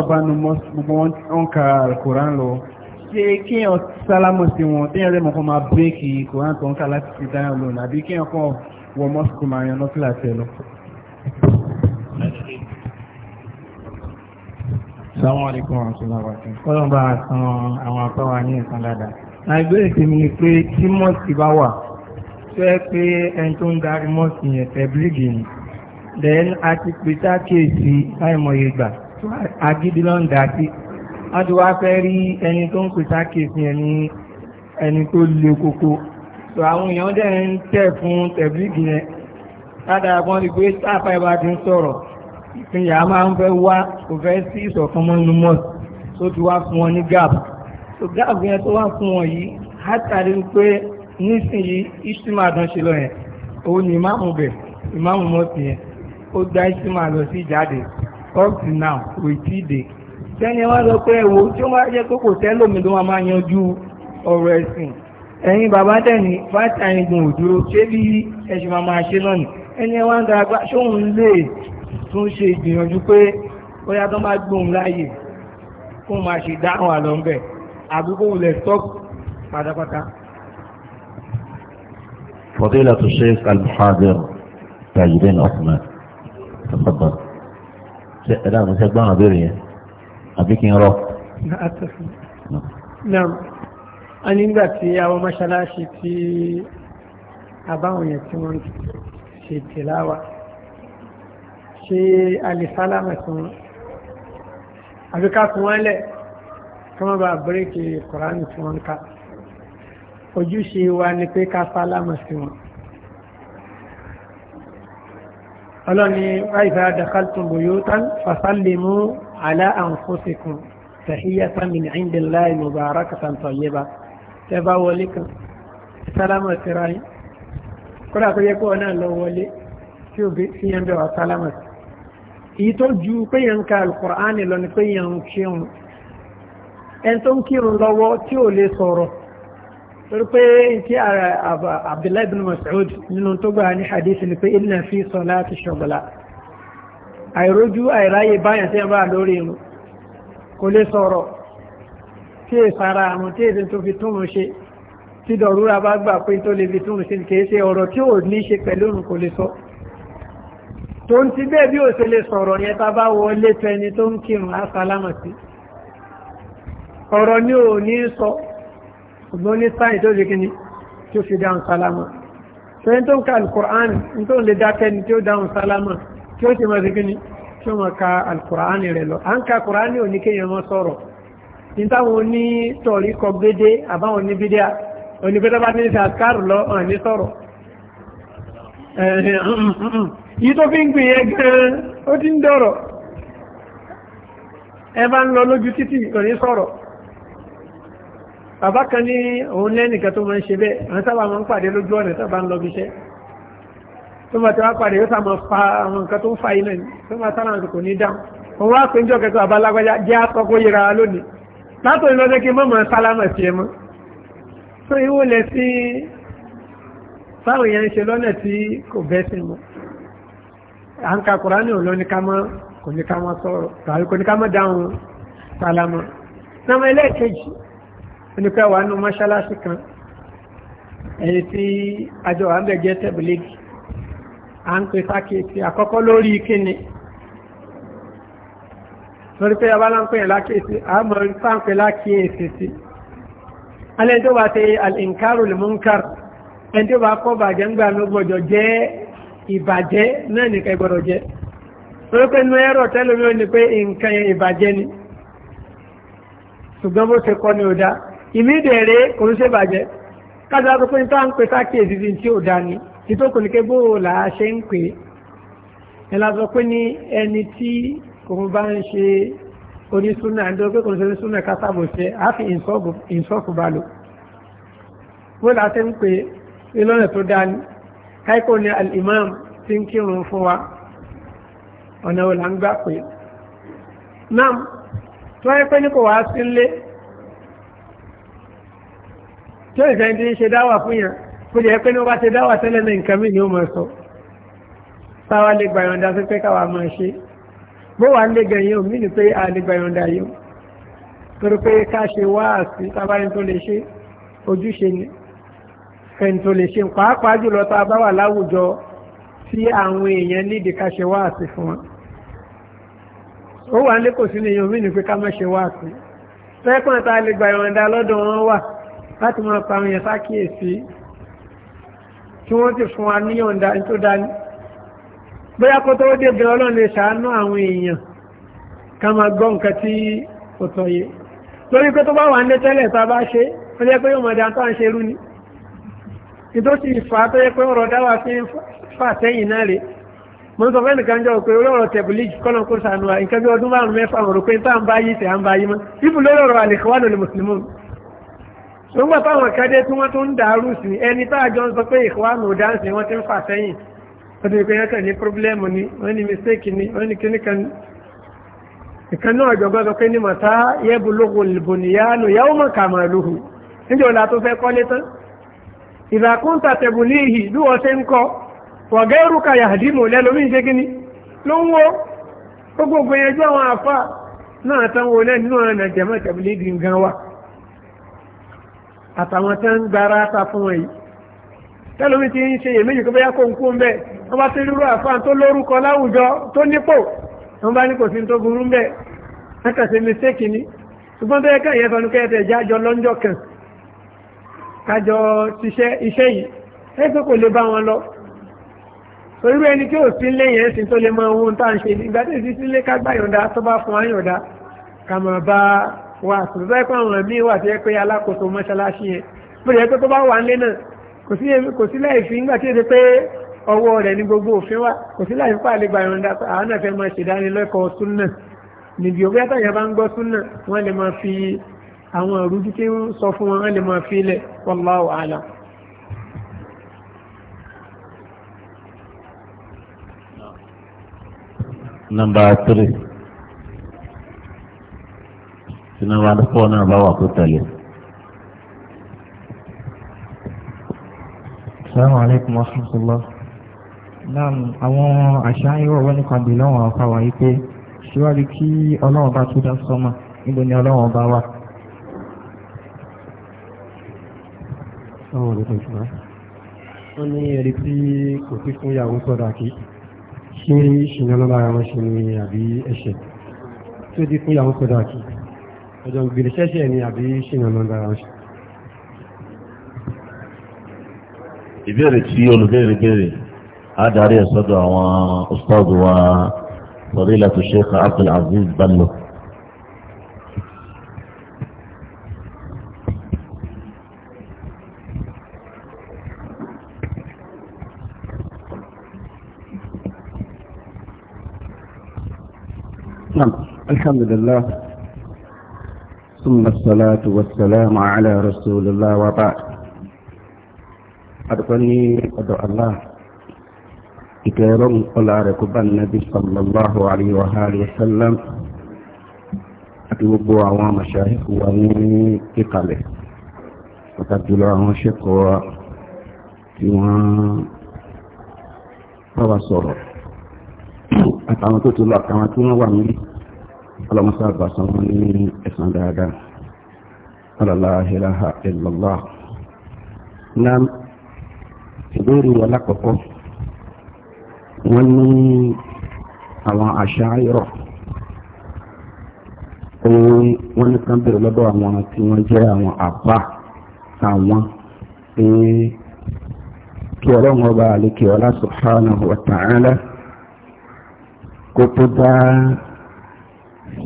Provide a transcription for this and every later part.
abanu gbogbo wọn ka alukoran lọ ṣe kíyàn sálámù sí wọn téèyàn lè mọ̀kàn máa bírèkì koran tó ń kà láti fi dáhùn lónìí àbí kíyàn kàn wọ mọ́sùkù máa yan lọ́fíà tẹ̀ lọ. Assalamu alaikum wa rahmatullahi wa barakatuh. bá a san àwọn apá wa ní ìsan dáadáa. Na ìbéèrè tèmi ni pé tí mọ́ọ̀sì bá wà, tó yẹ pé ẹni tó ń darí mọ́ọ̀sì yẹn tẹ̀blígì ni. Then a ti pè tá kéèsì láìmọye agídí ló ń dà sí wọ́n ti wá fẹ́ rí ẹni tó ń pè sákèsí ẹni ẹni tó le koko tó àwọn èèyàn dẹ̀ ń tẹ̀ fún tẹ̀blígì yẹn ládàá kan rí pé sáfà ìbá ti ń sọ̀rọ̀ ìpínyà máa ń fẹ́ wá kò fẹ́ sí ìṣọ̀kan mọ́ inú mọ́ọ̀sì tó ti wá fún wọn ní gap so gap yẹn tó wá fún wọn yìí látàrí pé nísìnyí ìṣímà dán ṣe lọ yẹn òun ni ìmáàmù bẹ̀ ìmáàmù mọ́ọ̀sì yẹn ó gba ìṣímà lọ sí ìjáde come to now we still dey sẹ́ni wá sọ pé ẹ̀wò tí ó máa jẹ́ pé kò tẹ́lómi ló máa yanjú ọ̀rọ̀ ẹ̀sìn ẹ̀yin bàbá tẹ̀yìn fáta igun òdúró ṣé bí ẹ̀sìn máa máa ṣe lọ́nà ẹni wá ń darapá ṣóun lè tún ṣe ìgbìyànjú pé bóyá tó máa gbóhùn láàyè kó máa ṣe dáhùn àlọ́ńbẹ̀ àbí kó wulẹ̀ stop pátápátá. فضيلة الشيخ المحاضر تاجدين عثمان تفضل ẹ̀dá àwọn ṣe gbọ́n àbẹ̀rẹ̀ yẹn àbí kí n rọ. naam a nígbà tí àwọn mọ́ṣáláṣí tí àbáwọn yẹn tí wọ́n ṣe tìláwà ṣe alìsálámà tí wọ́n àbí ká fún wọn lẹ̀ kí wọ́n bá bíríkì kùránì tí wọ́n ká ojúṣe wa ni pé ká sálámà sí wọn. ọlọ́ni wáìfà dakhaltum buyutan fasallimu ala anfusikum tahiyatan min indillahi mubarakatan tayyiba tẹ́ bá wọlé kan sálámà síra yín kódà tó yẹ kó ọ náà lọ wọlé tí ó bí fi yẹn bẹ wà sálámà sí èyí tó ju pé ka alukur'ani lọ ni pé kírun ẹni tó ń kírun lọ́wọ́ tí ò lè sọ̀rọ̀ torí pé tí Abdullahi bin Mas'ud nínú tó gbà ní hadith ni pé inna fi salati shughla àìrójú àìráyè báyàn tí a bá lórí inú kò lè sọ̀rọ̀ tí è sára àwọn tí èdè tó fi túnmù ṣe tí dọ̀rúra bá gbà pé tó lè fi túnmù ṣe ṣùgbọ́n ní sáyìn tó ṣe kíni tí ó fi dáhùn sálámà ṣẹ́yìn tó ń ka alukur'ani ní tó ń lè dákẹ́ ni tí ó dáhùn sálámà tí ó ti máa ṣe kíni tí ó máa ka alukur'ani rẹ̀ lọ à ń ka kur'ani ní táwọn sọ̀rọ̀ yìí ń lọ lójú títì òní sọ̀rọ̀ bàbá kan ní òun lẹ́nìkan tó máa ń ṣe bẹ́ẹ̀ àwọn sábà máa ń pàdé lójú ọ̀nà tó ń lọ bí iṣẹ́ tó bá ti pàdé yóò sáà fa àwọn nǹkan tó ń fa iná ni tó máa sára àsìkò ní dáhùn òun wá pé níjọ́ kẹtọ́ àbálágbájá jẹ́ àkọ́kọ́ yẹra lónìí látò ní lọ́dẹ́ kí n mọ̀mọ́ sálámà sí ẹ mọ́ tó ìwò lẹ̀ sí táwọn èèyàn ń ṣe lọ́nà tí kò bẹ́ sí mọ́ à ń ka Kùránì òun lọ oníkẹ́ wà nínú mọ́ṣáláṣí kan ẹni tí àjọ àbẹ̀jẹ́ tẹ̀bílẹ́gì à ń pè sákèsí àkọ́kọ́ lórí kíni lórí pé abáláńpẹ́ yẹn lákèsí àmọ́ sáńpẹ́ lákèsí sí alẹ́ tó bá ṣe al-inkaru l-munkar ẹni tó bá kọ́ bàjẹ́ ń gbà ló gbọ́dọ̀ jẹ́ ìbàjẹ́ náà nìkan gbọ́dọ̀ jẹ́ lórí pé inú ẹ̀rọ tẹ́lómi ó ní pé nǹkan ìbàjẹ́ ni ṣùgbọ́n bó ṣe kọ́ ni ó dáa ìmí ìdẹ̀rẹ̀ kò ń ṣèbàjẹ́ kájà tó pé ní táwọn pè sákèsì sí tí ò dá ni ìtòkù ní kébó là á ṣe ń pè é la sọ pé ní ẹni tí òun bá ń ṣe onísúnà ń dọ́ pé kò ń ṣe onísúnà kásáàbò ṣe àfi ìǹsọ́ọ̀fù bá lò bó la ṣe ń pè é lọ́nà tó dá ni káíkò ní al-imam ti ń kírun fún wa ọ̀nà ò là ń gbà pé náà tó wáyé pé ní kò wá sí ilé tí ó ṣe dáwà fún yàn kó jẹ́ pé ní wọ́n bá ṣe dáwà tẹ́lẹ̀ ní nǹkan mí ni ó máa sọ táwa lè gbà yọ̀ǹda sí pé káwa máa ṣe bó wà lè gẹ̀yìn omi ni pé a lè gbà yọ̀ǹda yìí torí pé ká ṣe wáàsí tábàrin tó lè ṣe ojúṣe ni fẹ́ni tó lè ṣe pàápàá jùlọ tá a bá wà láwùjọ tí àwọn èèyàn nídìí ká ṣe wáàsí fún wọn ó wà lè kò sí ní èèyàn omi ni pé ká má ṣe wáàsí fẹ́pọ̀n tá a lè gbà lọ́dọ̀ wọn wà láti máa pa àwọn èèyàn sákìyèsí tí wọ́n ti fún wa ní ọ̀ǹda tó dání bóyá kó tó dé bẹ̀rẹ̀ ọlọ́run lè ṣàánú àwọn èèyàn ká máa gbọ́ nǹkan tí kò tọ́ yé lórí pé tó bá wà ní tẹ́lẹ̀ tá a bá ṣe ó jẹ́ pé yóò mọ̀ dáa tó à ń ṣe rú ni ìtòsí ìfà tó yẹ pé ọ̀rọ̀ dáwà fi ń fà sẹ́yìn náà rèé mo sọ fẹ́ nìkan jọ pé olóòrò tẹ̀bùlíjì kọ́nà kó sànù wa nǹkan bí ọdún márùn-ún mẹ́fà mo rò pé tá à bá yìí tẹ̀ à ń bá yìí mọ́ ibùdó lọ́rọ̀ àlèkọ́wà lọ́lẹ̀ mùsùlùmí nígbà táwọn kẹ́dé tí wọ́n tó ń dàrú sí ẹni tá àjọ ń sọ pé ìkọ́wánù dáǹsì wọ́n ti ń fà sẹ́yìn wọ́n ti pé yẹ́kàn ní pírọ́blẹ́mù ni wọ́n ní mistake ni wọ́n ní kíníkan ìkan náà jọgbọ́n sọ pé ní màtá yẹ́bù lógun ìbòníyánu yàwó mọ̀ kà máa lóhùn níjọ́ la tó fẹ́ kọ́lé tán ìràkúntà tẹ̀bù ní ìhì bí wọ́n ṣe ń kọ́ wọ̀gẹ́rù ka àtàwọn tó ń gbára ta fún wọn yìí tẹ́lómi ti ń ṣe iyèméjì kó bẹ́yà kó ń kú ń bẹ́ wọ́n bá ti rírú àfáà tó lórúkọ láwùjọ tó nípò wọ́n bá ní kò sí tó burú ń bẹ́ ẹ̀kà sí mistake ni ṣùgbọ́n tó yẹ kẹ́yìn ẹ̀fọn kẹ́ ẹ̀tẹ̀ jájọ lọ́njọ́ kan kájọ ṣiṣẹ́ iṣẹ́ yìí ẹ̀ pé kò lè bá wọn lọ irú ẹni tí ò sí lé yẹn sì tó lè mọ ohun tá à ń ṣe nígbà tí ò sí sílé ká gbà yọ̀ǹda tó bá fún ayọ̀ǹda ká máa bá wà tòótọ́ ẹ̀kọ́ àwọn ẹ̀mí wà tí ẹ pé alákòóso mọ́ṣáláṣí yẹn bó jẹ́ pé tó bá wà nílé náà kò sí láì fi ńgbà tí èdè pé ọwọ́ rẹ̀ ní gbogbo òfin wa kò sí láì fipá lè gba ìrọ̀ndà àwọn náà fẹ́ máa ṣèdánilẹ́kọ̀ọ́ súnà níbi òbí àtàyàn bá ń gbọ́ súnà wọ́n lè máa fi àwọn ìrújú tí ń sọ fún wọn wọ́n lè máa fi ilẹ̀ wallahu Number three tí nọ́mbà fọ́ náà bá wà kó tẹ̀lé. Assalamu alaikum wa rahmatullah. Naam àwọn àṣà ìwọ̀ wọn nípa bí lọ́wọ́ àfàwà yìí pé síwájú kí ọlọ́run bá tó dá sọ́mà níbo ni ọlọ́run bá wà. Sáwọn olùkọ́ ìṣúná. Wọ́n ní ẹni tí kò sí fún ìyàwó sọ́dà kí. Ṣé ìṣìnà lọ́la ṣe ni àbí ẹ̀ṣẹ̀? Tí di fún ìyàwó sọ́dà kí. ọjọ́ gbèrè ṣẹ́ṣẹ́ ni àbí ṣìnà máa ń dára ṣe. ìbéèrè tí olùbéèrè béèrè á darí ẹ̀ sọ́dọ̀ àwọn ustaz wa fadilatu sheikh abdul aziz Bello. نعم الحمد لله ثم الصلاة والسلام على رسول الله وبعد أدقني أدعو الله إكرام قل عرقب النبي صلى الله عليه وآله وسلم أتوب عوام شاهد وأمين إقاله وتبدل عوام شقوة تيوان فوصوره أتعمل تطلع كما تيوان وأمين ọlọ́mọsá àgbà san fún ní ẹ̀sán dáadáa ọlọ́lá na ìbéèrè wọn lákọ̀ọ́kọ́ wọ́n ní àwọn àṣà ayọ̀rọ̀ òun wọ́n ní kan bèrè lọ́dọ̀ àwọn tí wọ́n jẹ́ àwọn àbá àwọn pé kí ọlọ́run ọba àlekè ọlá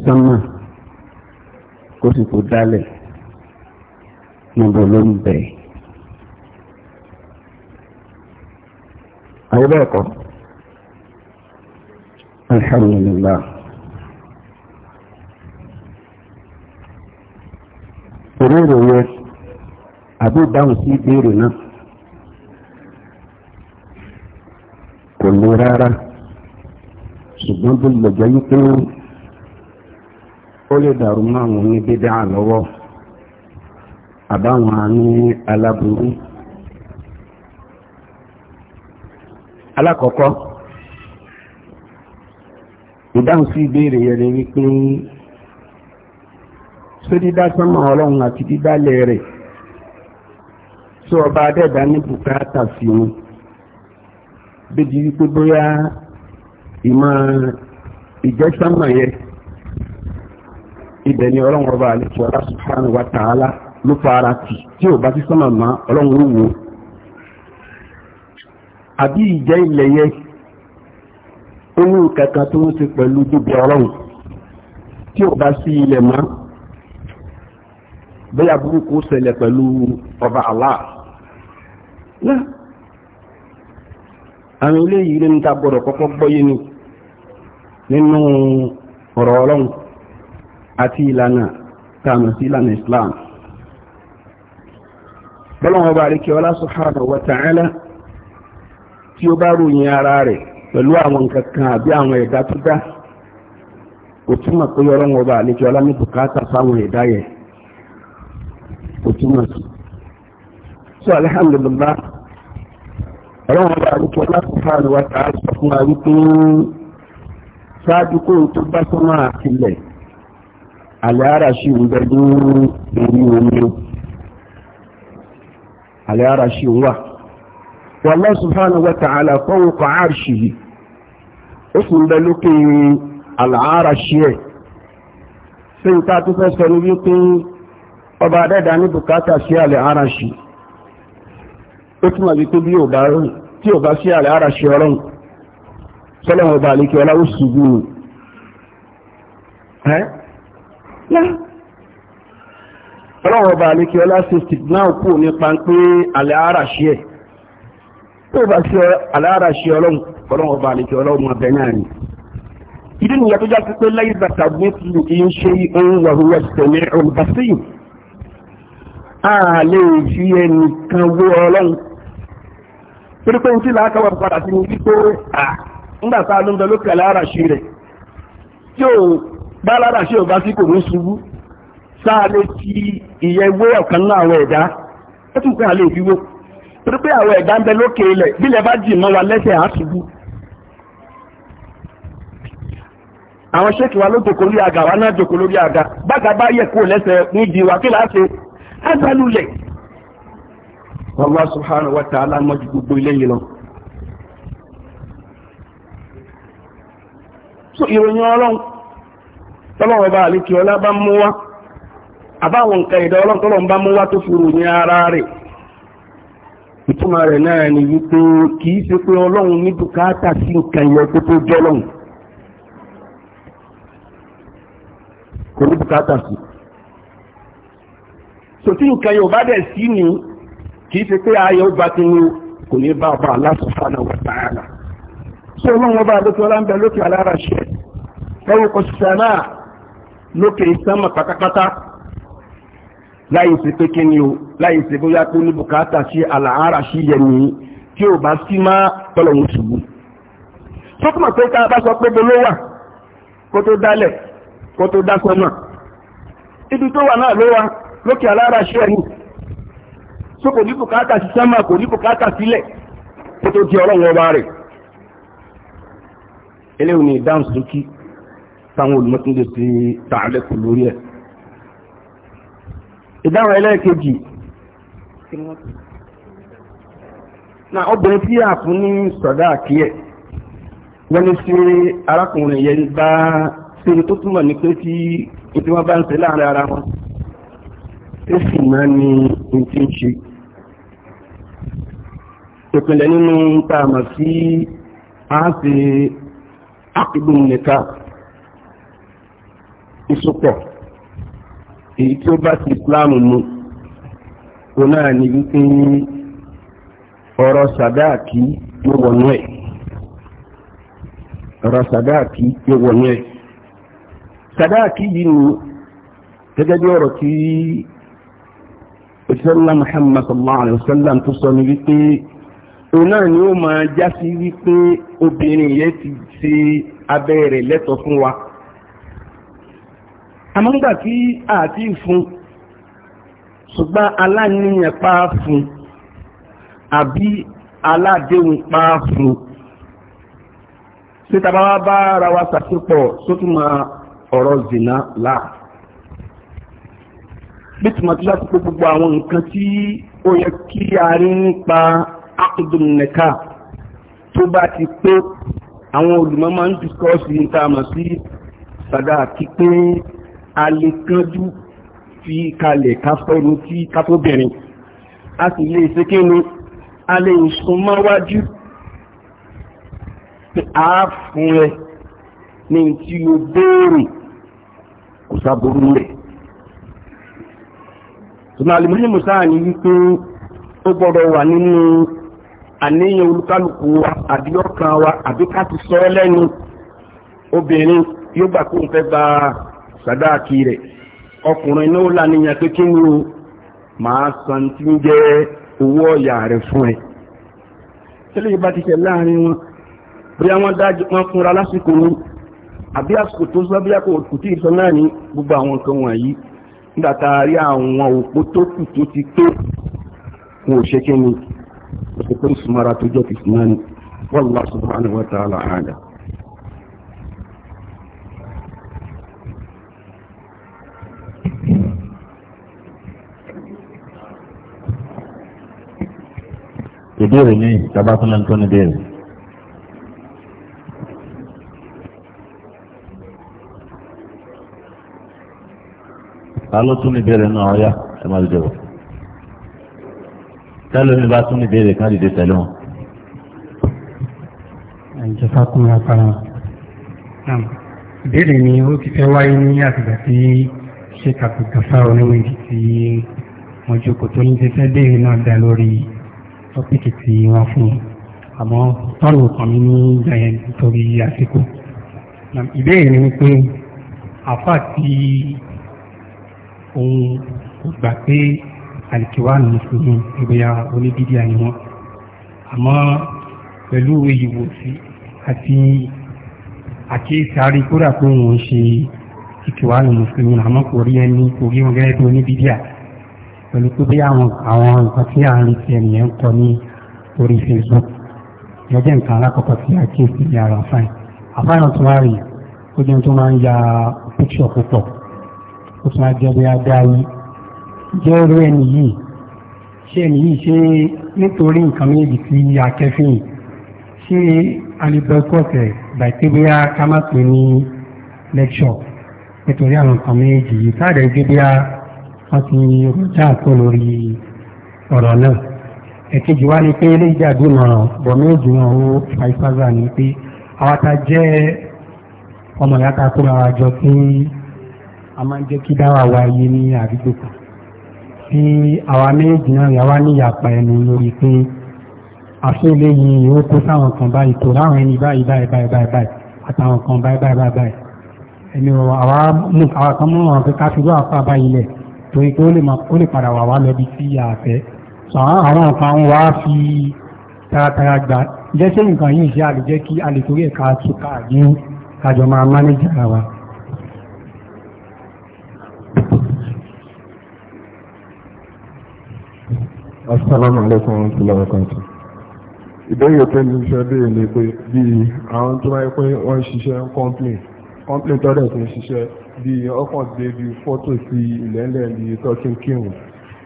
sánmà kó sì kó dálẹ̀ níbo ló ń bẹ̀. àwọn bẹ́ẹ̀ kọ́ alhamdulillah. ìbéèrè yẹn àbí ìdáhùn sí ìbéèrè náà kò le rárá ṣùgbọ́n bí lọ́jọ́ yìí pé ó lè dàrú mọ́ àwọn oníbídà lọ́wọ́ àbáwọn ní aláburú alákọ̀ọ́kọ́ ìdáhùn sí ìbéèrè yẹn wípé ṣé dídá sánmà ọlọ́run àti dídálẹ̀ rẹ̀ tí ọba adẹ́ẹ̀dá ní bùkátà sí wọn wípé bóyá ìmọ̀ ìjẹ́sánmà yẹn ibẹ̀ ni ọlọ́run ọba àlejò ọlá subhanahu wa ta'ala ló fara tì tí ò bá sí sọ́nà mọ́ ọlọ́run ó wò ó àbí ìjẹ́ ilẹ̀ yẹn ó kankan tó ń ṣe pẹ̀lú tóbi ọlọ́run tí ò bá sí ilẹ̀ mọ́ bóyá burúkú ṣẹlẹ̀ pẹ̀lú ọba Allah náà àwọn eléyìí ló ń ta gbọ́dọ̀ kọ́kọ́ gbọ́yé ni nínú ọ̀rọ̀ ọlọ́run. àti ìlànà tààmù sí ìlànà Islam bọ́lọ̀wọ́ bá rí kí ọlá subhanahu wa tí ó bá ròyìn ara rẹ̀ pẹ̀lú àwọn kankan àbí àwọn ẹ̀dá tó dá kò túmọ̀ pé ọlọ́wọ́ bá rí kí ọlá ní bùkátà fáwọn ẹ̀dá yẹn kò túmọ̀ sí ọlọ́wọ́ bá rí kí ọlá sọ fún wa wípé àlẹ́ara ṣì ń bẹ ní orí omi àlẹ́ara ṣì ń wà wa ta'ala fawqa arshihi ó sì ń bẹ lókè àlẹ́ara ṣì ẹ̀ ṣé n sọ ní wípé ọba ní bùkátà sí ó bí bá tí bá sí ọba ọlá ọlọ́wọ́ ọba àlékí ọlá sixty náà kú nípa pé àlẹ́ ara ṣe ẹ̀ tó bá ṣe àlẹ́ ara ṣe ọlọ́wọ́ ọba àlékí ọlọ́wọ́ ọbẹ̀ náà ni ìdí nìyà tó jásí pé lẹ́yìn bàtà mẹ́tìlù kì í ṣe ohun wàhúwà tẹ̀lé olùbásí a lè fi ẹnìkan wó ọlọ́run torí pé tí làákàwà padà sí ní wípé à ńgbà tá a ló ń bẹ yóò báládà ṣe ọba sí kò ní ṣubú sáàlé ti ìyẹ̀wé ọ̀kan náà àwọn ẹ̀dá ó tún pé àlè ìdíwó torí pé àwọn ẹ̀dá ń bẹ lókè ilẹ̀ bílẹ̀ bá jì mọ́ wa lẹ́sẹ̀ àṣubú àwọn ṣéèkì wa ló jòkó lórí àga wa náà jòkó lórí àga bága bá yẹ kó lẹ́sẹ̀ ní ìdí wa kí láti wa gbogbo ilé yìí lọ so ìròyìn ọlọ́run tọ́lọ́wọ́ bá àlékí ọlá bá mú wá àbáwọn nǹkan ìdá ọlọ́tọ́lọ́ bá mú wá tó fúru ní ara rẹ̀ ìtumọ̀ rẹ̀ náà ni wípé kì í ṣe pé ọlọ́run ní bùkátà sí nǹkan yẹn tó tó jọlọ́run kò ní bùkátà sí sòtí nǹkan yóò bá dẹ̀ sí ni kì ṣe pé ayọ̀ bá ti ní kò ní bá ọba Allah subhanahu wa ta'ala sọ ọlọ́run ọba àlókè ọlá ń bẹ lókè alára ṣẹ lọ́wọ́ kò sì sàmáà lókè sánmà pátápátá láyé ṣe pé kí ni o láyé ṣe bóyá pé ní bùkátà sí àlàárà sí yẹni tí ò bá sí má tọ́lọ̀hún ṣubú sọ́kùnmọ̀ pé ká bá sọ pé bó ló wà kó tó dálẹ̀ kó tó dá sọ́mà ibi tó wà náà ló wà lókè alára ṣe ẹni so kò ní bùkátà sí sánmà kò ní bùkátà sílẹ̀ kó tó di ọlọ́run ọba rẹ̀ eléyìí ni ìdáhùn sókí táwọn olùmọ́túndé ti tààlẹ́kù lórí ẹ̀ ìdáhùn ẹlẹ́ẹ̀kejì na obìnrin tí a fún ní sọ̀dá àkíyẹ̀ wọ́n ní sí arákùnrin yẹn bá sí tó túmọ̀ ní pé tí ìdí wọn bá ń ṣe láàrin ara wọn tí sì máa ní ní ń ṣe ìpìlẹ̀ nínú tá sí a ń ṣe ákìdùn nìkan ìsopọ̀ èyí tí ó bá ti ìsìláàmù mu òun náà ní wípé ọ̀rọ̀ sàdáàkì yóò wọnú ẹ̀ ọ̀rọ̀ sàdáàkì yóò wọnú ẹ̀ sàdáàkì yìí ni gẹ́gẹ́ bí ọ̀rọ̀ tí ìṣẹ́lá Muhammad sallallahu alayhi wa sallam tó sọ ní wípé òun náà ni ó máa jásí wípé obìnrin yẹn ti ṣe abẹ́ rẹ̀ lẹ́tọ̀ọ́ fún wa àmọ́ngbà tí àti fún ṣùgbọ́n aláníyàn pa fún àbí aládéhùn pa fún sí tàbá bá ara wa sàṣepọ̀ sótúmọ̀ ọ̀rọ̀ zina láà bí tìmọ̀tí láti pé gbogbo àwọn nǹkan tí ó yẹ kí a rí nípa akudumneka tó bá ti pé àwọn olùmọ̀ máa ń discuss ní ta mọ̀ sí sàdá àti pé a lè kánjú fi kalẹ̀ kásọ̀rọ̀ tí kátóbìnrin a sì lè ṣe kí ni a lè sún mọ́wájú a fún ẹ ní tí o béèrè kò sábòrú rẹ̀ ṣùgbọ́n alìmọ́lẹ́ musa ni wípé ó gbọ́dọ̀ wà nínú àníyàn olúkálùkù wa àdíọ́kan wa àbíká ti sọ ẹ́ obìnrin yóò gbà kó ń fẹ́ gba sàdáàkì rẹ̀ ọkùnrin náà lànìyàn pé kí ni o máa san tí ń jẹ́ owó ọ̀yà rẹ̀ fún ẹ tẹ́lẹ̀ bá ti ṣẹ̀ láàrin wọn bí wọ́n dájú wọn fúnra lásìkò ní àbí àsìkò tó sọ bí àkókò kò tí ì sọ náà ní gbogbo àwọn nǹkan wọ̀nyí nígbà tá a rí àwọn òpó tó kù ti tó ò ṣe kí ni òpó tó jẹ́ ìbéèrè ní ìjọba tó lẹ́nu tó ní béèrè. ta ló tún ní béèrè náà ọ̀yá ẹ má dìde wọ̀ tẹ́lẹ̀ mi bá tún ní béèrè ká dìde tẹ̀lé wọn. ìjọba kún wa para wọn. ìbéèrè ni ó ti fẹ́ wáyé ní àtìgbà tí ṣé kàkùkà fáwọn oníwèé ti wọ́n jókòó tó ní fẹ́ béèrè náà dá lórí tọ́pìkì tí wọ́n fún un àmọ́ sọ̀rọ̀ kan mi ní ìgbà yẹn nítorí àsìkò ìbéèrè ni wípé àfa tí òun kò gbà pé àlìkíwá nìṣòro ìgbéyà onídídí àyẹ̀wọ̀n àmọ́ pẹ̀lú ìwòsí àti àkíyèsí àríkúrà pé òun ṣe ìkíwá nìṣòro àmọ́ kò rí ẹni kò rí wọn gẹ́gẹ́ bí onídídí àyẹ̀wọ̀n pẹ̀lú pé bí àwọn àwọn nǹkan tí à ń retí ẹnìyẹn ń kọ ní orí Facebook ìyẹn jẹ́ nǹkan alákọ̀ọ́kọ́ tí a kí èsì ní ara fáìn àfáìnà tó máa rí ó jẹun tó máa ń ya píkṣọ̀ púpọ̀ ó tún máa jẹ́ bí adáyé jẹ́ irú ẹni yìí ṣé ẹni yìí ṣe nítorí nǹkan méjì tí a kẹ́fìn ṣé alibẹ́kọ̀tẹ̀ bàìtẹ́bíyà ká má pè ní lẹ́kṣọ̀ nítorí àwọn nǹkan méjì yìí káàdẹ̀ gbé bí a wọ́n ti rọjá àpò lórí ọ̀rọ̀ náà ẹ̀kejì wá ni pé ilé ìjà gbìmọ̀ràn bọ̀mí ìgbìmọ̀ owó fàìfàzà ni pé àwọn ta jẹ́ ọmọ ìyá ta kóra wa jọ pé a máa ń jẹ́ kí dáwà wa yé ní àdúgbò kan tí àwa méjì náà yà wá ní ìyàpá ẹnu lórí pé àfihàn eléyìí yóò kó sáwọn kan báyìí tó láwọn ẹni báyìí báyìí báyìí báyìí àtàwọn kan báyìí báyìí báyìí ẹni àwọn kan mú àwọn pé ká fi wá àpá báyìí lẹ̀ torí pé ó lè padà wà wá lọ bí sí àfẹ́ àwọn nǹkan wa fi taratara gbà jẹ́sẹ̀ nǹkan yìí ṣe àlùjẹ́ kí a lè torí ẹ̀ka àtúkà ní kájọ máa mánéjì ara wa. Assalamu alaikum wa rahmatullahi wa barakatuh. Ìbéèrè pé ní iṣẹ́ béèrè ni pé bí àwọn tó máa ń pẹ́ wọ́n ṣiṣẹ́ ń complain complain tọ́lẹ̀ tó ń ṣiṣẹ́ bí ọkàn dé bí fọ́tò sí ilẹ̀ẹ́lẹ̀ ní tọ́kí kírun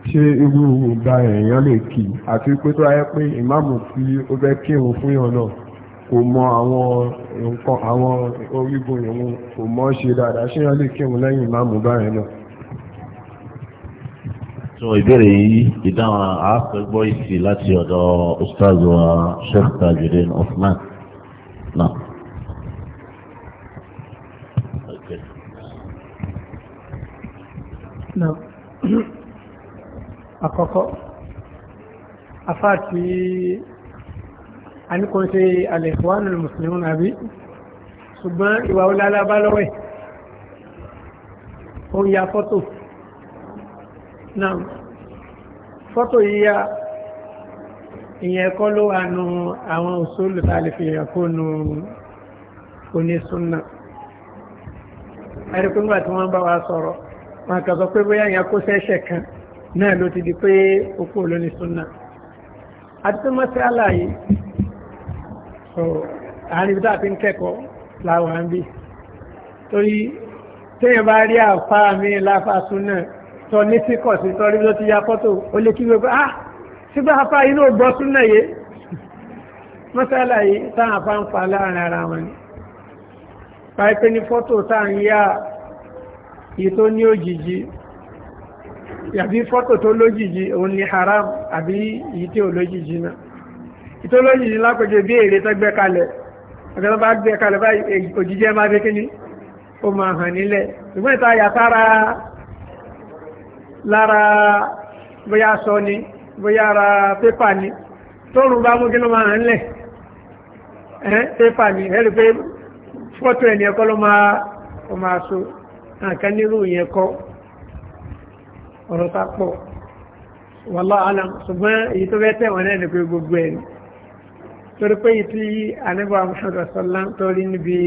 ṣé irú ìgbà èèyàn lè kì àti pé tó ayẹ́ pé ìmáàmù tí ó fẹ́ kírun fún yàn náà kò mọ àwọn nǹkan àwọn orígun ìrun kò mọ ṣe dáadáa ṣé yàn lè kírun lẹ́yìn ìmáàmù báyẹn náà. sọ ìbéèrè yìí ìdáhùn àáfẹ́gbọ́ ìsì láti ọ̀dọ̀ ustaz wa sheikh tajudeen osman náà. náà àkọ́kọ́ afáàtì a ní kò ṣe al-Ikhwanul Muslimun àbí ṣùgbọ́n ìwà olálábá lọ́wẹ́ ó ya fọ́tò náà fọ́tò yíya ìyẹn kọ́ ló wà nù àwọn òṣòlù tá a lè fi yàn kó nù onísùnà ẹ̀rí pé ńgbà tí wọ́n bá wa sọ̀rọ̀ wọn kà sọ pé bóyá ìyẹn kó sẹ́ṣẹ̀ kan náà ló ti di pé okú olóni súnà àti tó mọ́sí aláyé àárín ibi tá a ti ń kẹ́kọ̀ọ́ láwọn àbí torí téèyàn bá rí àfáà mi láfa súnà tọ ní síkọ̀ sí tọ́rí ló ti ya fọ́tò ó lè kí gbogbo ah sígbà afá inú ò gbọ́ súnà yé mọ́sí aláyé táwọn afá ń pa láàrin ara wọn ni pàápẹ́ ní fọ́tò táà ń yá iye tó ní òjìji àbí fọ́tò tó lójìji òun ni haram àbí iye tí ò lójìji náà iye tó lójìji lápẹjọ bí èrè tó gbẹ kalẹ̀ ọ̀gá bá gbẹ kalẹ̀ bá òjìji ẹ máa fi kíni ó máa hàn nílẹ̀ ṣùgbọ́n ìta yàtára lára bóyá aṣọ ni bóyá ara pépà ni tóòrùn bá mú kí ló máa hàn nílẹ̀ pépà ni ẹ̀rí pé fọ́tò ẹ̀ ní ẹ̀kọ́ ló máa so nǹkan nírú yẹn kọ́ ọ̀rọ̀ tá pọ̀ wallahu alam ṣùgbọ́n èyí tó bẹ́ tẹ̀wọ̀n náà ní pé gbogbo ẹ̀ torí pé yìí tí anábọ̀ Muhammad sallam torí níbi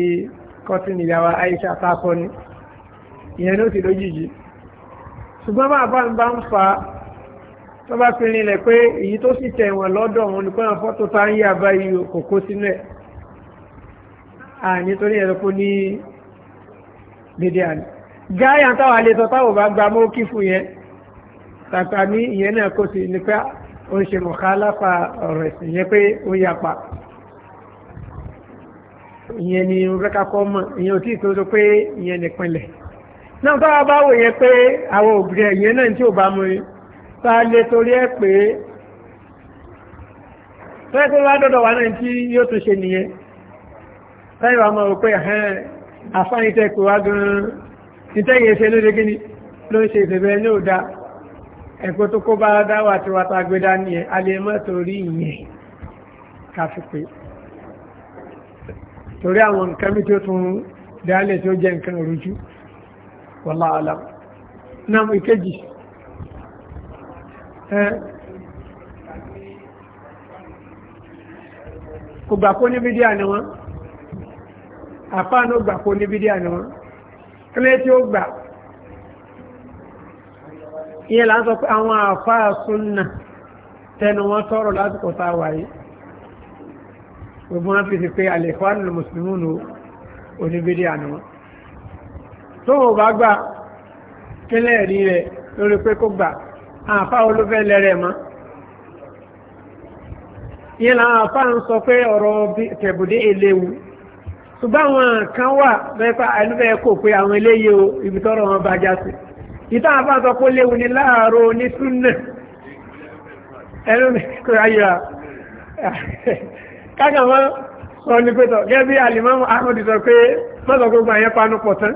kọ́tún ìyàwó Aisha àtàkọ́ ni ìyẹn ló ti lójijì ṣùgbọ́n bá bá ń bá ń fa tó bá fi rinlẹ̀ pé èyí tó sì tẹ̀wọ̀n lọ́dọ̀ wọn nípa àwọn fọ́tò tá ń yà báyìí kòkó sínú ẹ̀ à nítorí ẹ̀rọ kó ní dédé àná gáyà táwa lè sọ táwọn bá gba mọ́ọ́kì fún yẹn tàtà ní ìyẹn náà kò sí ní pé ó ń ṣe mọ̀kálàfà ọ̀rọ̀ ẹ̀sìn yẹn pé ó yapa ìyẹn ni mo fẹ́ ká kọ́ mọ̀ ìyẹn ò tí ì tó tó pé ìyẹn nìpínlẹ̀ náà táwa bá wò yẹn pé àwọn òbílẹ̀ ìyẹn náà tí ò bá mu tá a lè torí ẹ̀ pé tọ́yẹ́ tó bá dọ́dọ̀ wà náà tí yóò tún ṣe nìyẹn táyọ̀ àmọ́ rò pé àfáàyín tẹ́ kó wá gan-an nítẹ̀yìn ẹsẹ̀ ló dégé ni ló ń ṣe ìfẹ̀bẹ̀ ní òdá ẹ̀kọ́ tó kó bá dáwà tí wàá tagbédá ni ẹ̀ a lè mọ́ torí ìyẹn káfí pé torí àwọn nǹkan mi tó tún dálẹ̀ tó jẹ́ nǹkan òrújú wọ́lá ọ̀la náà ìkejì kò gbà kó ní ni wọ́n àpá náà gbà kó ní ni wọ́n kílé tí ó gbà ìyẹn là ń sọ pé àwọn àfáà súnnà tẹnu wọn tọrọ lásìkò tá a wà yìí gbogbo wọn fi ti pé al-Ikhwanul Muslimun ló oníbídí àná wọn tó wọn bá gbà kílẹ̀ rí rẹ̀ lórí pé kó gbà àfáà olófẹ́ lẹ́rẹ̀ mọ́ ìyẹn làwọn àfáà ń sọ pé ọ̀rọ̀ tẹ̀bùdé eléwu ṣùgbọ́n àwọn kan wà mẹ́fà àìníbẹ̀ kò pé àwọn eléyìí o ibi tọ́rọ wọn bá já sí ìta àbáǹsọ kó léwu ní láàárọ̀ ní súnà ẹnu kò ayọ̀ kákan wọn sọ ní pẹ́tọ̀ gẹ́gẹ́ bí alimami ahmed sọ pé mọ́tò gbogbo àyẹn panu pọ̀ tán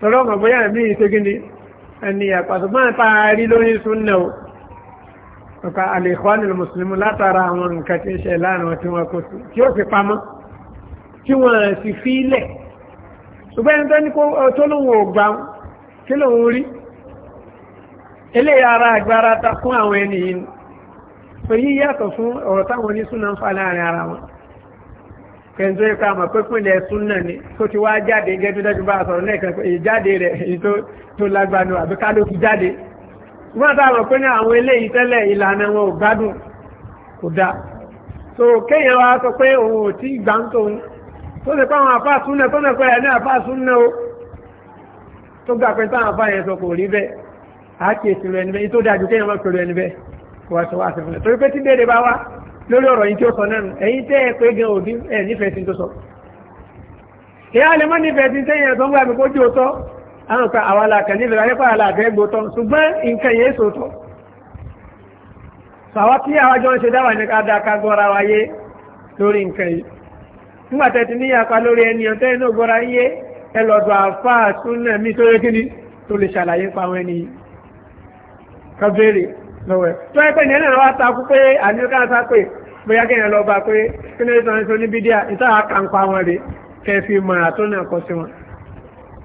tọ́rọ mọ̀ bóyá mi ìṣègùnì ẹni àpàtó máa ta rí lórí súnà o ọ̀ka àlèkọ́ àlè mùsùlùmí látara àwọn nǹkan tí ń ṣe láàrin wọn tí wọ́n kó sí tí ó fi pamọ́. tí wọ́n sì fi ilẹ̀ ṣùgbọ́n ẹni tó ní tó lóun kí lóun rí eléyà fún àwọn fún ọ̀rọ̀ táwọn onísúná ń fa láàrin ara wọn àmọ̀ pé ni tó ti jáde gẹ́gẹ́ bá sọ̀rọ̀ lẹ́ẹ̀kan pé ìjáde rẹ̀ èyí tó àbí ká fi jáde wọ́n táwọn pé ní àwọn eléyìí tẹ́lẹ̀ ìlànà wọn ò gbádùn kò dáa so kéèyàn wá sọ pé òun ò tí gbà ń tó ti pàwọn àfáà súnlẹ̀ tó nẹ̀kọ́ ẹ̀ ní àfáà súnlẹ̀ o tó gbà pé táwọn àfáà yẹn sọ kò rí bẹ́ẹ̀ á kì í sí rẹ̀ níbẹ̀ tó dájú kéèyàn máa pẹ̀lú ẹni bẹ́ẹ̀ kó wá sọ wá sí fúnlẹ̀ torí pé tí béèrè bá wá lórí ọ̀rọ̀ yìí tí ó sọ náà nù ẹ̀yin tẹ́ ẹ pé gan òbí ẹ̀ nífẹ̀ẹ́ sí tó sọ. ìyá lè mọ́ nífẹ̀ẹ́ sí sẹ́yìn ẹ̀sán gbà mí kó jù ọtọ́ àwọn kan àwa làkàn nífẹ̀ẹ́ ayé pàrọ̀ làkàn gbò ṣùgbọ́n nǹkan yẹn sò tọ́. sàwọn tí àwọn jọ ń ṣe dáwà ní ká dáa ká gbọ́ra wáyé lórí nǹkan yìí nígbàtẹ́ ti níyàpá lórí ẹni ọ̀tẹ́ inú gbọ́ra yé ẹlọ́dọ̀ àfáà súnà mí tó kí ni tó lè ṣàlàyé pa àwọn ẹni kọ́bẹ̀rẹ̀ lọ́wọ́ tó ẹgbẹ́ ní ẹ̀nà wá takú pé àníkà sá pé bóyá kí ẹ̀yàn lọ bá pé kí ní ìtàn ìṣó níbi díà ìtàwà kàǹpa wọn rè kẹfì mọ̀ràn tó náà kọ sí wọn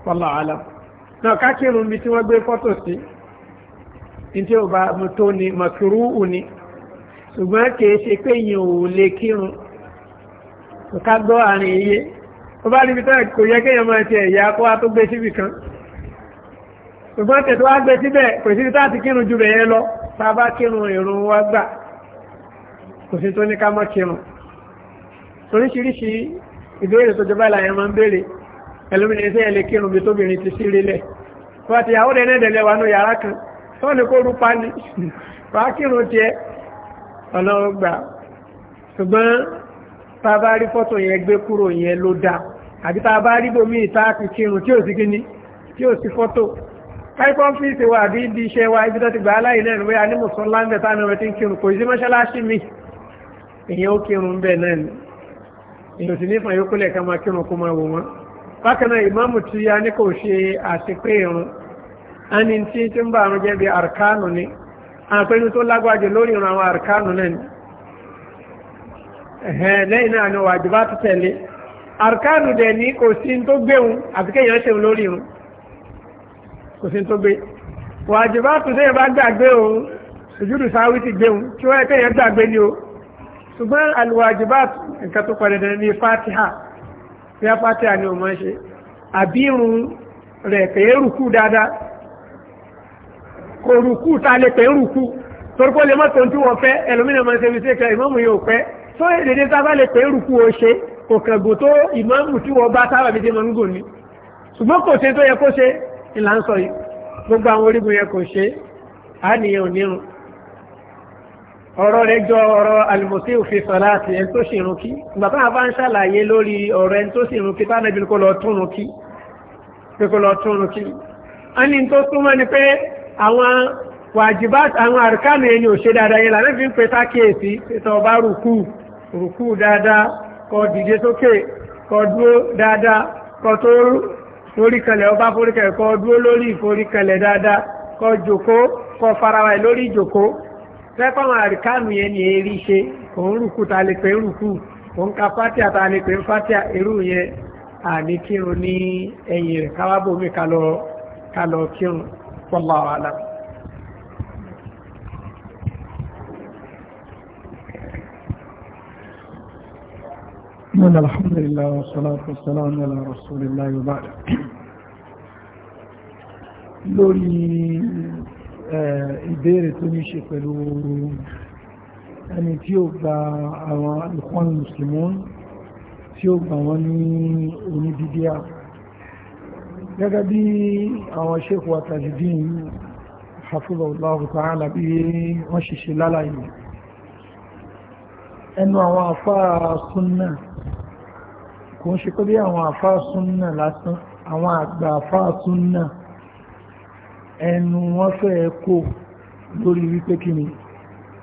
pọ̀lọ̀ àlọ́ náà kákìrún bí tí wọ́n gbé fọ́tò sí tí ṣùgbọ́n kì ṣe pé yìí ò lè kírun ká gbọ́ àárín iye ó bá níbi tán kò yẹ kéèyàn máa ti ẹ̀yà kó wá tó gbé síbì kan ṣùgbọ́n tẹ̀tọ́ wá gbé síbẹ̀ kò síbi tá ti kírun ju bẹ̀yẹn lọ tá a bá kírun ìrun wa gbà kò sí tó ní ká má kírun oríṣiríṣi ìbéèrè tó jọba ìlànà máa ń béèrè ẹlòmínì iṣẹ́ ẹ̀lẹ́ kírun bí tóbìnrin ti sí rílẹ̀ wọ́n àti ìyàwó rẹ̀ nẹ́ẹ̀dẹ̀lẹ̀ wà ní yàrá kan tó kó rúpa ní wàá kírun tiẹ̀ ọ̀nà ọgbà ṣùgbọ́n tá a foto rí fọ́tò yẹn gbé kúrò yẹn ló dáa àbí tá a bá rí bòmíì tá a ti kírun tí ò sí kíní tí ò sí fọ́tò káíkọ́ ọ́fíìsì wa àbí ibi iṣẹ́ wa ibi tó ti gbà á láyé náà níwáyà ní mùsùlùmí láńbẹ̀ táwọn ti ń kírun kò sí mọ́ṣáláṣí mi èyàn ó kírun bẹ́ẹ̀ náà ni èyàn sì ní ìfọ̀n yókù lẹ̀ ká máa kírun kó máa wò a ní kò ṣe àṣepé a tí tí ń bá àrùn jẹ́ ni ẹ̀hẹ́n lẹ́yìn náà ni wàjúbá tó tẹ̀lé arkanu dẹ̀ ní kò sí tó gbéhun àti kéèyàn ṣe lórí irun kò sí tó gbé wàjúbá tó tẹ̀yìn bá gbàgbé òun sùjúdù sáwí ti gbéhun tí wọ́n kéèyàn gbàgbé ni o ṣùgbọ́n àlùwàjúbá nǹkan tó padà ní fatiha bí a fatiha ni o máa ṣe àbí rẹ̀ pé rúkú dáadáa kò rúkú ta lè pé rúkú torí kó lè mọ́tò tí wọ́n fẹ́ ẹlòmínà máa ṣe fi ṣe kan ìmọ̀mù yóò pẹ́ tó èdèdè tá a bá lè pé rùkú o ṣe kò kẹ̀gùn tó ìmáàmù tí wọ́n bá sábà fi dé mọ́ ń gùn ni ṣùgbọ́n kò ṣe tó yẹ kó ṣe ìlà ń sọ yìí gbogbo àwọn orígun yẹn kò ṣe á nìyẹn ò nírun ọ̀rọ̀ rẹ̀ jọ ọ̀rọ̀ alìmọ̀sí òfin sọ̀rọ̀ àti ẹni tó sì rún kí ìgbà táwọn bá ń ṣàlàyé lórí ọ̀rọ̀ ẹni tó sì rún kí táwọn kò lọ tún rún kí kò lọ tó súnmọ́ ni pé àwọn wàjibá àwọn àrùkánù ẹni ò ṣe dáadáa yẹn làwọn fi ń pe sákìyèsí pé tó bá rù kú rùkú dáadáa kọ dìde sókè kọ dúó dáadáa kọ tó foríkalẹ̀ ọba foríkalẹ̀ kó dúó lórí ìforíkalẹ̀ dáadáa kó jòkó kọ farawa lórí ìjòkó fẹ́fọ́n àríkánù yẹn ni èrí ṣe kò ta lè pè ń rùkú ta lè pè ń fátíà irú yẹn àní kírun ní ẹ̀yìn rẹ̀ káwábòmí من الحمد لله والصلاة والسلام على رسول الله وبعد lórí ìbéèrè tó ní ṣe pẹ̀lú ẹni tí ó gba àwọn ìkwọ́n mùsùlùmí tí ó gbà wọ́n ní oníbídíà gẹ́gẹ́ bí àwọn ṣékù àtàjìdín hafizahullahu ta'ala bí wọ́n ṣe ṣe lálàyé ẹnu àwọn àfáà súnnà kò ń ṣe pé bí àwọn àfáà súnnà lásán àwọn àgbà àfáà súnnà ẹnu wọ́n fẹ́ kó lórí wípé kíni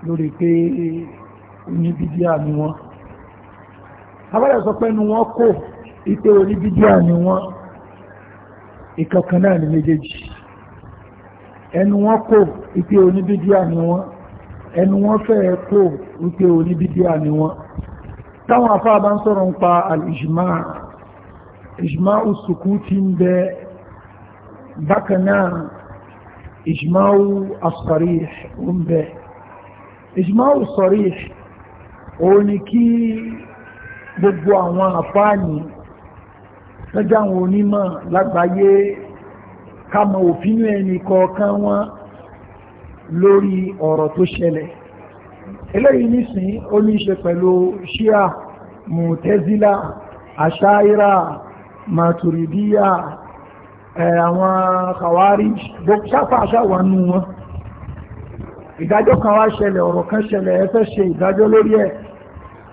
lórí pé oníbídíà ni wọ́n abẹ́rẹ́ sọ pé ẹnu wọ́n kó ipé oníbídíà ni wọ́n ìkankan náà ní méjèèjì ẹnu wọ́n kó ipé oníbídíà ni wọ́n ẹnu wọn fẹ́ kó wípé oníbídíà ni wọn táwọn afá bá ń sọ̀rọ̀ ń pa al-ijma ijma usuku ti ń bẹ bákan náà ijma as-sarih ń bẹ ijma as-sarih òun ni kí gbogbo àwọn àfáàní lọ́jà àwọn onímọ̀ lágbàáyé ká mọ òfin ẹnì kọ̀ọ̀kan wọn lórí ọ̀rọ̀ tó ṣẹlẹ̀ eléyìí nísìn ó ní ṣe pẹ̀lú ṣíà mùtẹ́zílà àṣáírà màtùrìdíyà àwọn kàwárí sáfà àṣàwánú wọn ìdájọ́ kan wá ṣẹlẹ̀ ọ̀rọ̀ kan ṣẹlẹ̀ ẹ fẹ́ ṣe ìdájọ́ lórí ẹ̀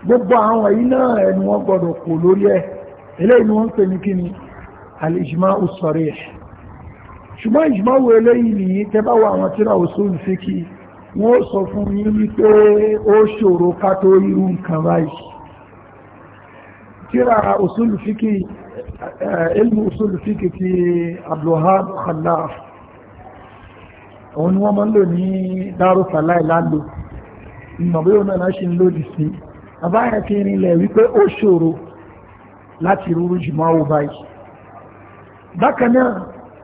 gbogbo àwọn yìí náà ẹnu wọn gbọdọ̀ kò lórí ẹ̀ eléyìí ni wọ́n ń pè ní kíni al-ijma'u as ṣùgbọ́n ìjìmáwò eléyìí nìyí tẹ́báwò àwọn tíra òṣòlù sí kí wọ́n sọ fún yín wípé ó ṣòro ká tó irú nǹkan báyìí tíra òṣòlù fíkì ilmu òṣòlù fíkì ti abdulhab khalaf òun ni wọ́n máa ń lò ní Darussalam ìlàlò ìmọ̀bí òun náà ṣe ń lòdì sí àbáyà ti rinlẹ̀ wípé ó ṣòro láti rúrú jùmọ̀ báyìí bákan náà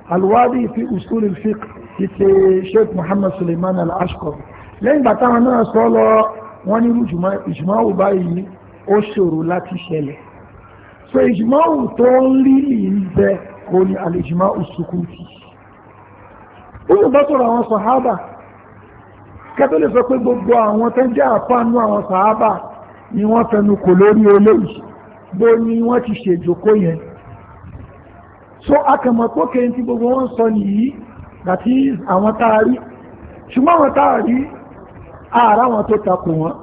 alwadi fi usul al-fiqh ti ṣe sheikh muhammad suleiman al-ashqar lẹ́yìn ìgbà táwọn náà sọ lọ wọ́n ní ìjùmọ̀ òwò báyìí ó ṣòro láti ṣẹlẹ̀ so ìjùmọ̀ òwò tó ń rí ìlú bẹ kò ní al-ijma' as-sukuti ó bá sọ̀rọ̀ àwọn sàhábà kẹ́tọ́ lè sọ pé gbogbo àwọn tó ń jẹ́ àfáànú àwọn sàhábà ni wọ́n fẹnu kò lórí eléyìí bó ni wọ́n ti ṣèjòkó yẹn so akẹ̀mọ̀ tó kẹ́ tí gbogbo wọn sọ nìyí that is àwọn táàrí ṣùgbọ́n àwọn táàrí ààrá wọn tó takò wọn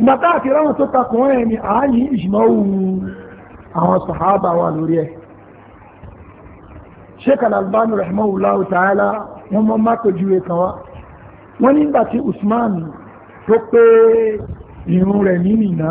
ìgbàtà àti ráwọn tó takò wọn ẹni ààyí ìṣmọ́ ohun àwọn sàhábà wà lórí ẹ̀ Sheikh Al-Albani rahimahullahu ta'ala wọn mọ́ mákòjúwe kan wá Usman tó pé ìrun rẹ̀ ní Mínà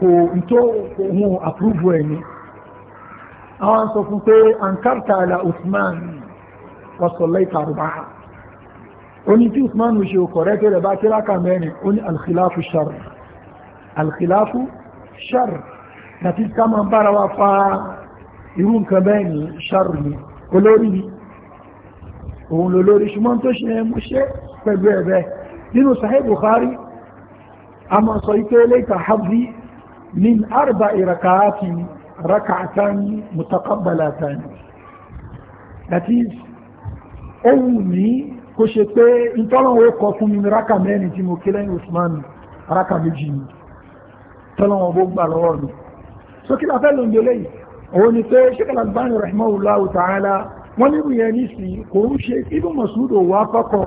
kò tó ohun àpúrúbù ẹni àwọn sọ fún pé ankarta ala usman wasọlẹ ìtàrùbá oní tí usman ṣe òkọrẹ tó rẹ bá kíráka mẹ́rin ó ní alkhilafu shar alkhilafu shar na ti ká máa bára wa fa irú nǹkan bẹ́ẹ̀ ni shar ni olórí ni òun lò lórí ṣùgbọ́n tó ṣe mú ṣe pẹ̀lú ẹ̀bẹ̀ nínú sahih bukhari a máa sọ ike lẹ́ta habzi min arba irakaati rakaatani mutakabalatani that is ohun mi kò ṣe pé ìtọ́lọ́wọ́ kọ fún mi raka mẹ́rin tí mo kí lẹ́yìn Usman raka méjì ni tọ́lọ́wọ́ bó gbà lọ́wọ́ mi so kí la fẹ́ ló ń gbélé yìí òun ni pé Sheikh Al-Albani rahimahullahu ta'ala wọ́n nírú yẹn nísìn kò ń ṣe ibùn Mas'ud wà fọ́kọ̀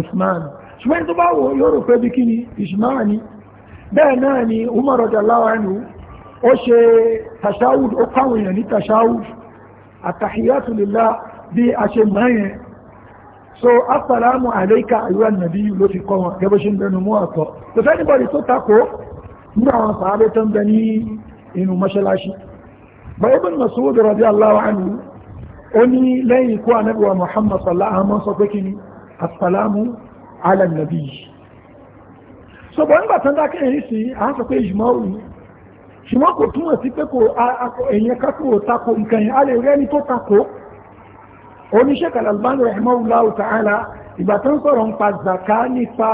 Usman ṣùgbọ́n tó bá wò yóò rò pé bí kí ni Ismail bẹ́ẹ̀ náà ni Umar radiyallahu anhu ó ṣe tashahud ó káwọn èèyàn ní tashahud àtàhíyàtù bí a ṣe máyẹn so assalamu alayka ayyuhan nabiyyu ló fi kọ́ wọn gẹ́gẹ́ bó ṣe ń bẹnu mú àtọ́ kò sẹ́ni bọ́dì tó takò ní àwọn sàábé tó ń bẹ ní inú mọ́ṣáláṣí bàbá Ibn Mas'ud radiyallahu anhu ó ní lẹ́yìn ikú anábíwa Muhammad sallallahu alaihi sọ pé kí ni assalamu ala nabiyyi ṣùgbọ́n nígbà tán dákẹ́ èyí sí à ń sọ pé ìjùmọ̀ òun ni ṣùgbọ́n kò túmọ̀ sí pé kò èèyàn kákò tako nǹkan yẹn a lè rẹ́ni tó tako oníṣẹ́ kalalbani rahimahullahu ta'ala ìgbà tán sọ̀rọ̀ ń pa zaka nípa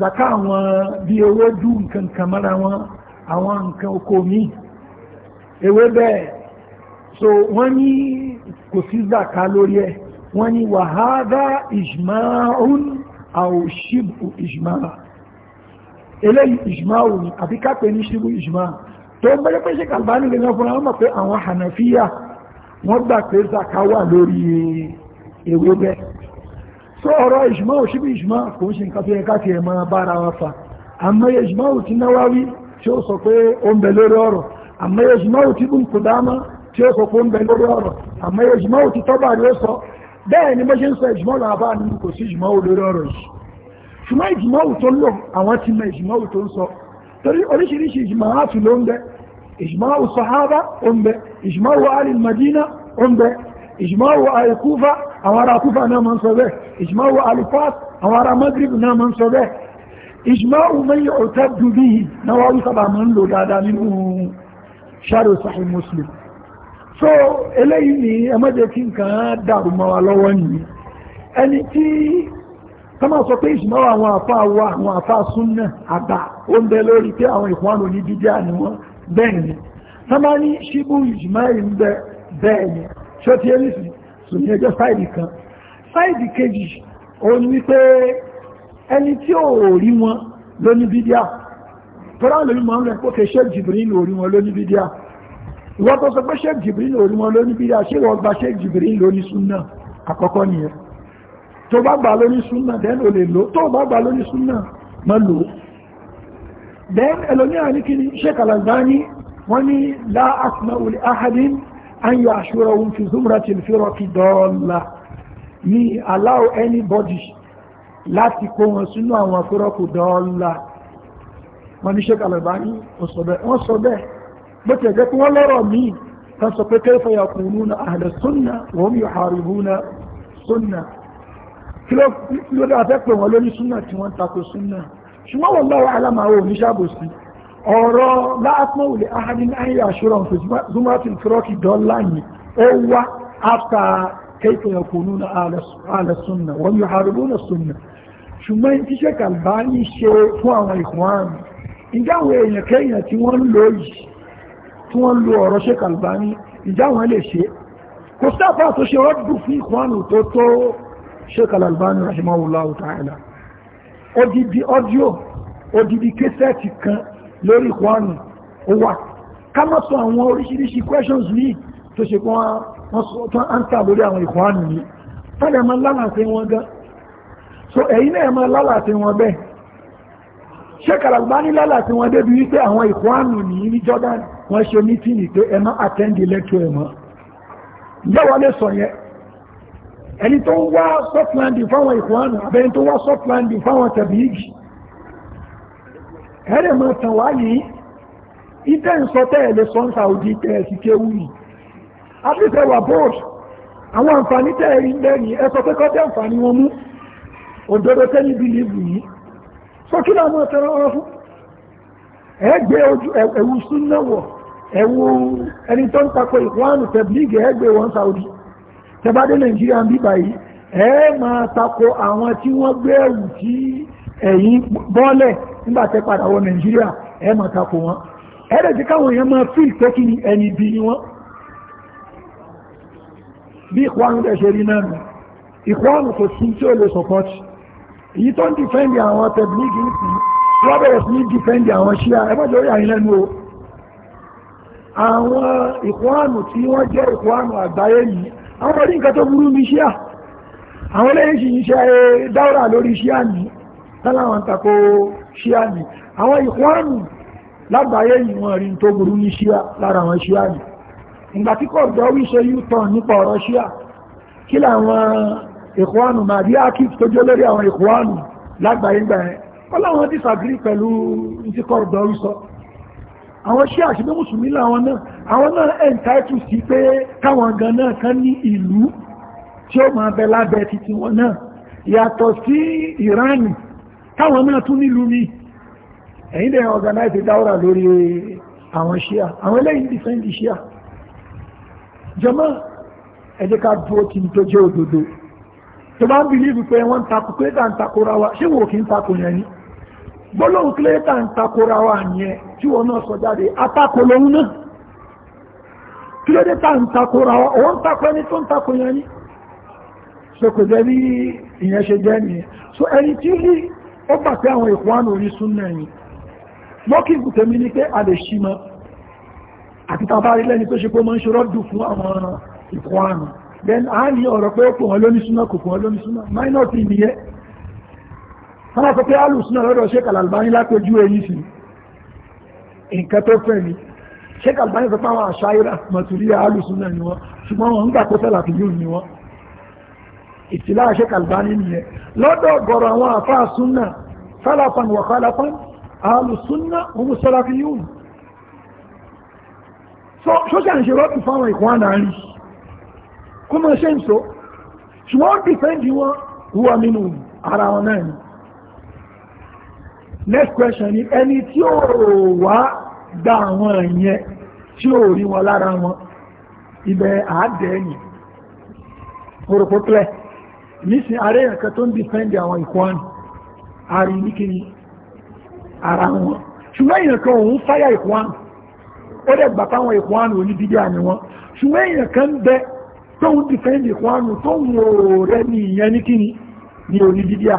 zaka àwọn bí owó dú nǹkan kan mọ́ra wọn àwọn nǹkan oko mi ewé bẹ́ẹ̀ so wọ́n ní kò sí zaka lórí ẹ̀ wọ́n ní wàhádá ìjùmọ̀ òun aw shibu eléyìí ìjùmá ò ní àbí kápẹ́ ní ṣíbú ìjùmá tó ń bẹ́rẹ̀ pé ṣe kàlbáni lè náà fúnra wọn mọ̀ pé àwọn hànàfíyà wọ́n gbà pé zaka wà lórí ewébẹ̀ so ọ̀rọ̀ ìjùmá ò ṣíbú ìjùmá kò ń ṣe nǹkan tó yẹ ká tiẹ̀ máa bára wa fa àmọ́ ìjùmá ò ti Nawawi tí ó ṣùgbọ́n ìjìmáwù tó lò àwọn ti mọ ìjìmáwù tó ń sọ torí oríṣiríṣi ìjìmáwù ló ń bẹ ìjìmáwù sahaba ó ń bẹ ìjìmáwù alì madina ó ń bẹ ìjìmáwù alì kúfà àwọn ará kúfà náà máa ń sọ bẹ́ẹ̀ ìjìmáwù alì fas àwọn ará magrib náà máa ń sọ bẹ́ẹ̀ ìjìmáwù mẹ́yìn ọ̀tá dubí náà wá wí sábà máa ń lò dáadáa nínú shadow sahih muslim so eléyìí ni ẹ má jẹ́ kí nǹkan dàrú mọ́ wa lọ́wọ́ nìyí ẹni tí kama sọ pé ìṣìnáwó àwọn àfáà wa àwọn àfáà súnnà àgbà ó ń bẹ lórí pé àwọn ìfúnwánù ní dídíà ni wọ́n bẹ́ẹ̀ ni kama ní ṣíbú ìjìmá ìbẹ̀ bẹ́ẹ̀ ni ṣó ti erísì sùn ní ẹjọ́ sáìdì kan sáìdì kejì ó ní wípé ẹni tí ó rí wọn lóní bídíà tọ́lá lórí mọ́ rẹ̀ kókè ṣe jìbìrín lórí wọn lóní bídíà ìwọ́n tó sọ pé ṣe jìbìrín lórí wọn lóní bídíà ṣé wọ́n gba ṣe jìbìrín lóní súnà àkọ́kọ́ nìyẹn tó bá gbà lórí súnà dẹ́n ò lè lò tó bá gbà lórí súnà mọ́ lò dẹ́n ẹlòmíà ní kí ni Sheikh Al-Albani wọ́n ní la asma'u ahadin an yu'ashirahum fi zumratil firaqi dalla ní allow anybody láti kó wọn sínú àwọn afẹ́rọ́kù dọ́ọ́lá wọn ní Sheikh Al-Albani wọ́n sọ bẹ́ẹ̀ bó tẹ̀ jẹ́ kí wọ́n lọ́rọ̀ sunna kí ló dáa fẹ́ pè wọ́n lórí súnà tí wọ́n tako súnà ṣùgbọ́n wọ́n lọ́wọ́ alámàwò oníṣàbòsí ọ̀rọ̀ láàpọ̀ òlè ahadin ayé àṣírọ̀ nǹkan zumatin turkey dọ́là yìí ó wá after kaifa yakununa ala sunna wa yuharibuna sunna ṣùgbọ́n tí ṣe kàlbá ní ṣe fún àwọn ìkùnwàmù ìjáwọ̀ èèyàn kẹ́yàn tí wọ́n lò yìí tí wọ́n lò ọ̀rọ̀ ṣe kàlbá sheik al-albani rahimahullahu ta'ala odidi audio odidi kẹsẹ̀tì kan lórí ìkwánu ó wà ká má sọ àwọn oríṣiríṣi questions ní tó ṣe kọ́ wọ́n áńtà lórí àwọn ìkwánu ní tàbí ma lálàáfẹ́ wọn gan so ẹ̀yìn náà ma lálàáfẹ́ wọn bẹ́ẹ̀ sheik al-albani lálàáfẹ́ wọn débi wípé àwọn ìkwánu ní ní jordan wọ́n ṣe mítìnì pé ẹ attend the lecture ẹ̀ mọ́ yẹ́wọ́lé sọ yẹn ẹni tó ń wá sọ́tlandì fáwọn ìfúnwánù abẹ́ni tó wá sọ́tlandì fáwọn tàbíyìí ẹ̀rẹ̀ mọ́ tàn wá yìí ìtẹ́ ń sọ tẹ́ẹ̀lẹ̀ sọ́nsà òdí tẹ́ẹ̀sì kéwù yìí afẹ́fẹ́ wà bọ́ọ̀d àwọn àǹfààní tẹ́ẹ̀rí lẹ́yìn ẹsọ pé kọ́tẹ́ àǹfààní wọn mú òdodo tẹ́lí bìlíìfù yìí sọ kí làwọn ọ̀tẹ́ rán fún ẹgbẹ́ ojú ẹ̀wù súnnáwọ̀ ẹ̀wù ẹni tó ń takò ìfúnwánù tẹ̀blíìgì ẹgbẹ́ wọn sáwọ́dì tẹbádé Nàìjíríà ń bíbà yìí ẹ máa tako àwọn tí wọ́n gbé ẹrù tí ẹ̀yìn bọ́ọ̀lẹ̀ nígbàtẹ́ padà wọ Nàìjíríà ẹ máa tako wọn ẹ̀rẹ̀ tí káwọn èèyàn máa fi ìpẹ́ kí ẹni bí ni wọ́n bí ìkwánu dẹ̀ ṣe rí náà nù ìkwánu kò sí tí ó lè support èyí tó ń dìfẹ́ndì àwọn tẹ̀blígì ń sìn wọ́n bẹ̀rẹ̀ sí ní dìfẹ́ndì àwọn ṣíà ẹ mọ́jọ́ yà ń lẹ́nu o àwọn ìkwánu tí wọ́n jẹ́ ìkwánu àgbáyé yìí àwọn ọmọdé nǹkan tó burú ní ṣíà àwọn eléyìí sì ń ṣe eh, dáwọ́rà lórí ṣíà ní tálàwọn tako ṣíà ní àwọn ìkwánù lágbàáyé ìwọ̀n rí tó burú ní ṣíà lára àwọn ṣíà ní ìgbà tí kò gbọ́ wíṣẹ́ u-turn nípa ọ̀rọ̀ ṣíà kí làwọn ìkwánù máa bí akif tó jẹ́ lórí àwọn ìkwánù lágbàáyé gbà yẹn wọ́n láwọn disagree pẹ̀lú ní tí kò gbọ́ wíṣọ́ àwọn ṣé àṣìbẹ́ mùsùlùmí làwọn náà àwọn náà ẹ̀ǹtáìtù sí pé káwọn gan náà kan ní ìlú tí ó máa bẹ lábẹ́ titi wọn náà yàtọ̀ sí ìránì káwọn náà tún nílùú mi ẹ̀yìn dẹ̀ organize dáwọ́rà lórí àwọn ṣíà àwọn eléyìí dìfẹ́ǹdì ṣíà jọmọ́ ẹjẹ́ ká dúró kí tó jẹ́ òdodo tó bá ń bìlíìfù pé wọ́n takò pé dà ń takò ra wa ṣé wò kí ń takò yẹn ni gbólóhùn kílẹ̀ tà ń takora wa yẹn tí wọn náà sọ jáde atakò lòun náà kílẹ̀ tà ń takora wa òun takò ẹni tó ń takò yẹn ni so kò jẹ́ bí ìyẹn ṣe jẹ́ nìyẹn so ẹni tí ó gbà pé àwọn ìkwánu orí súnmọ́ ẹ̀yìn lọ́kì ìkùtẹ̀mí ni pé a lè ṣí mọ́ àti tàbárí lẹ́ni tó ṣe pé mọ́ ń ṣe then a ní ọ̀rọ̀ pé ó pọ̀ wọn lóní súnmọ́ kò pọ̀ wọn wọ́n á sọ pé alùsùnà lọ́dọ̀ Sheikh albani lápẹjú èyí sí nǹkan tó fẹ́ ni Sheikh albani sọ pé àwọn àṣàyíra mọ̀túríà alùsùnà ni wọ́n ṣùgbọ́n wọn ń gbà pé sẹ́làfì yóò ni wọ́n ìtìlá Sheikh albani nìyẹn lọ́dọ̀ gọ̀rọ̀ àwọn àfáà súnà sálàfàn wa khalafan alùsùnà òun sẹ́làfì yóò ni sọ́ṣà ń ṣe rọ́pù fáwọn ìkùn àárín kó mọ̀ ṣe ń so ṣùgbọ́n wọn wúwa nínú ara wọn náà next question ni ẹni tí ó wá gba àwọn ẹ̀yẹn tí ó rí wọn lára wọn ibẹ̀ àádẹ́ẹ̀yìn pòròpótẹ́lẹ̀ nísìn ààrẹ ẹ̀kẹ́ tó ń dìfẹ́ndì àwọn ìkwọ́n àrí níkiri ara wọn ṣùgbọ́n èèyàn kan òun fáyà ìkwọ́n ó dẹ̀ gbà táwọn ìkwọ́n òní dídí àmì wọn ṣùgbọ́n èèyàn kan ń bẹ tó ń dìfẹ́ndì ìkwọ́n tó ń wò rẹ ní ìyẹn níkiri ní òní dídí à